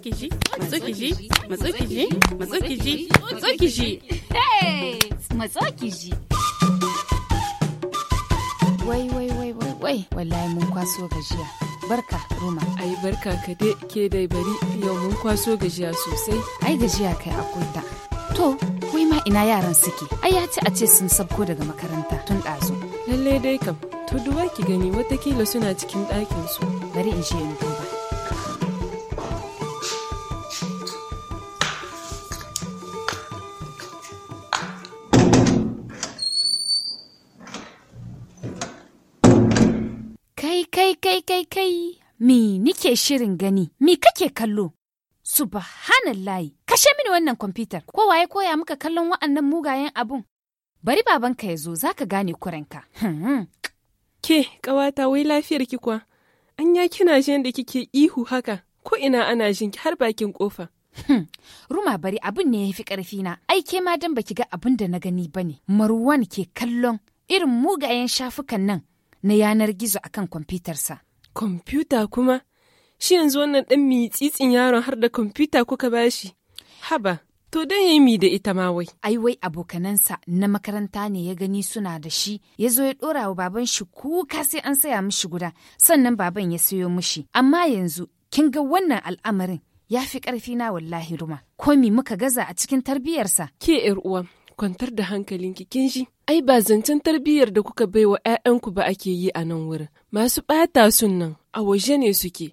matsukiji matsukiji matsukiji matsukiji matsukiji matsukiji wai wai wai wai wai wallahi mun kwaso gajiya barka roma ai barka ka dai ke dai bari yau mun kwaso gajiya sosai ai gajiya kai akunta to wai ma ina yaran suke ai ya ci a ce sun sabko daga makaranta tun ɗazu lallai dai kam to duwa ki gani watakila suna cikin ɗakin su bari in je in duba kai kai kai mi nike shirin gani mi kake kallo subhanallahi kashe mini wannan kwamfutar kowa ya koya maka kallon wa'annan mugayen abun bari babanka ya zo zaka gane kuranka hmm. ke kawata wai lafiyar ki kuwa an ya kina jin da kike ihu haka ko ina ana jin ki har bakin kofa hmm. ruma bari abun ne ya fi karfi na ai ke ma dan baki ga abun da na gani ba ne. marwan ke kallon irin mugayen shafukan nan na yanar gizo akan kwamfutarsa Kwamfuta kuma? Shi yanzu wannan ɗan tsitsin yaron har da kwamfuta kuka bashi? Haba, to dan ya mi da ita ma wai. Ai wai abokanansa na makaranta ne ya gani suna da shi, ya zo ya ɗora wa baban shi kuka sai an saya mishi guda, sannan baban ya sayo mishi. Amma yanzu, kin ga wannan al'amarin ya fi ƙarfi na wallahi ruma. Komi muka gaza a cikin tarbiyarsa. Ke 'yar uwa, kwantar da hankalinki kin ji ai ba zancen tarbiyyar da kuka bai baiwa 'ya'yanku ba ake yi a nan wurin masu ɓata sun nan a waje ne suke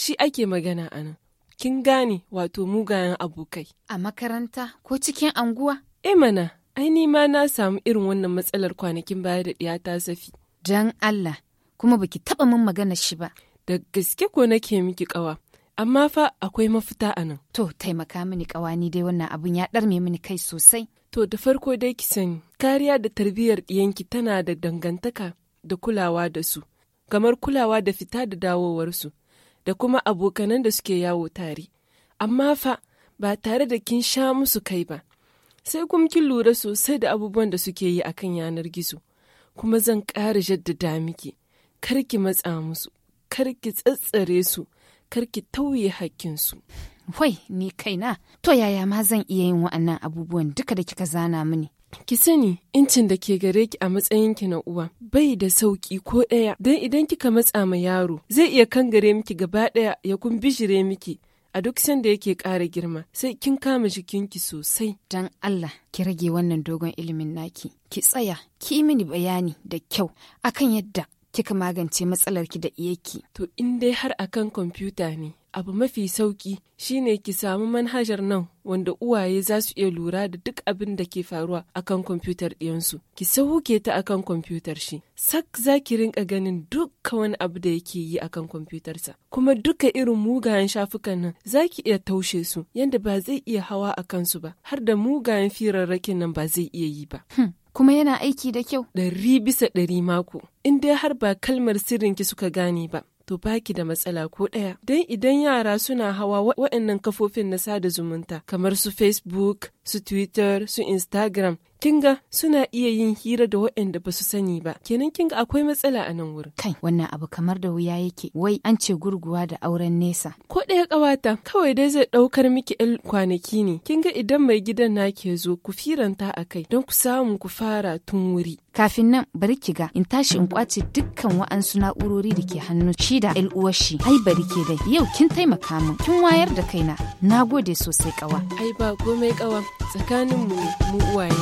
shi ake magana a nan kin gane wato mugayen abokai a makaranta ko cikin anguwa e mana ai ni ma na samu irin wannan matsalar kwanakin baya da ta safi jan Allah kuma baki taɓa min magana shi ba da gaske ko nake miki kawa amma fa akwai mafita a nan. To, taimaka mini ƙawani dai wannan abun ya ɗarme mini kai sosai. To, da farko dai ki sani, kariya da tarbiyyar ɗiyanki tana da dangantaka da kulawa da su, kamar kulawa da fita da dawowarsu, da kuma abokanan da suke yawo tare. Amma fa, ba tare da kin sha musu kai ba, sai kuma kin lura sosai da abubuwan da suke yi akan yanar gizo, kuma zan ƙara jaddada miki, kar ki matsa musu, kar ki tsatsare su, kar ki tauye hakkinsu. Wai, ni kaina, to yaya ma zan iya yin wa'annan abubuwan duka da kika zana mini? Ki sani, incin da ke gare ki a matsayinki na uwa bai da sauƙi ko ɗaya, don idan kika matsa ma yaro zai iya kan gare miki gaba ɗaya ya kumbishire miki. a duk sanda yake ƙara girma sai kin kama jikinki sosai. Dan Allah ki rage wannan dogon ilimin naki, ki tsaya, ki mini bayani da kyau akan yadda kika magance matsalar ki da iyaki. To in dai har akan kwamfuta ne, abu mafi sauki shine ki samu manhajar nan wanda uwaye za su iya lura da duk abin da ke faruwa akan kwamfutar ɗiyansu. Ki sauke ta akan kwamfutar shi. Sak za ki rinka ganin duka wani abu da yake yi akan kwamfutarsa. Kuma duka irin mugayen shafukan nan za ki iya taushe su yadda ba zai iya hawa a kansu ba, har da mugayen firarrakin nan ba zai iya yi ba. Hmm. kuma yana aiki da kyau. Ɗari bisa ɗari mako. In dai har ba kalmar sirrinki suka gane ba. To baki da matsala ko ɗaya. Dan idan yara suna hawa waɗannan kafofin na sada zumunta kamar su Facebook, su Twitter, su Instagram, kinga suna iya yin hira da waɗanda ba su sani ba kenan kinga akwai matsala a nan wurin kai wannan abu kamar da wuya yake wai an ce gurguwa da auren nesa ko ɗaya ƙawata kawai dai zai ɗaukar miki ɗan kwanaki ne kinga idan mai gidan na ke zo ku firanta a kai don ku samu ku fara tun wuri kafin nan bari ki ga in tashi in kwace dukkan wa'ansu na'urori da ke hannu shi da yan uwar shi ai bari ke dai yau kin taimaka min kin wayar da kaina Na gode sosai ƙawa. ai ba komai ƙawa tsakanin mu mu uwaye